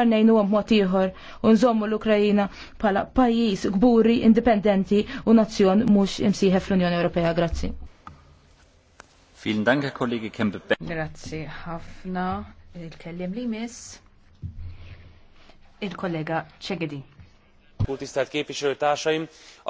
nejnu għom motiħor unżommu l-Ukrajina pala pajis gburi, indipendenti u nazzjon mux imsiħe fl-Unjoni Ewropea. Grazzi. Vielen Dank, Herr Kollege Kempe. Grazzi ħafna. Il-kellim li mis il-kollega Ċegedi. Kultistat kif taċajm,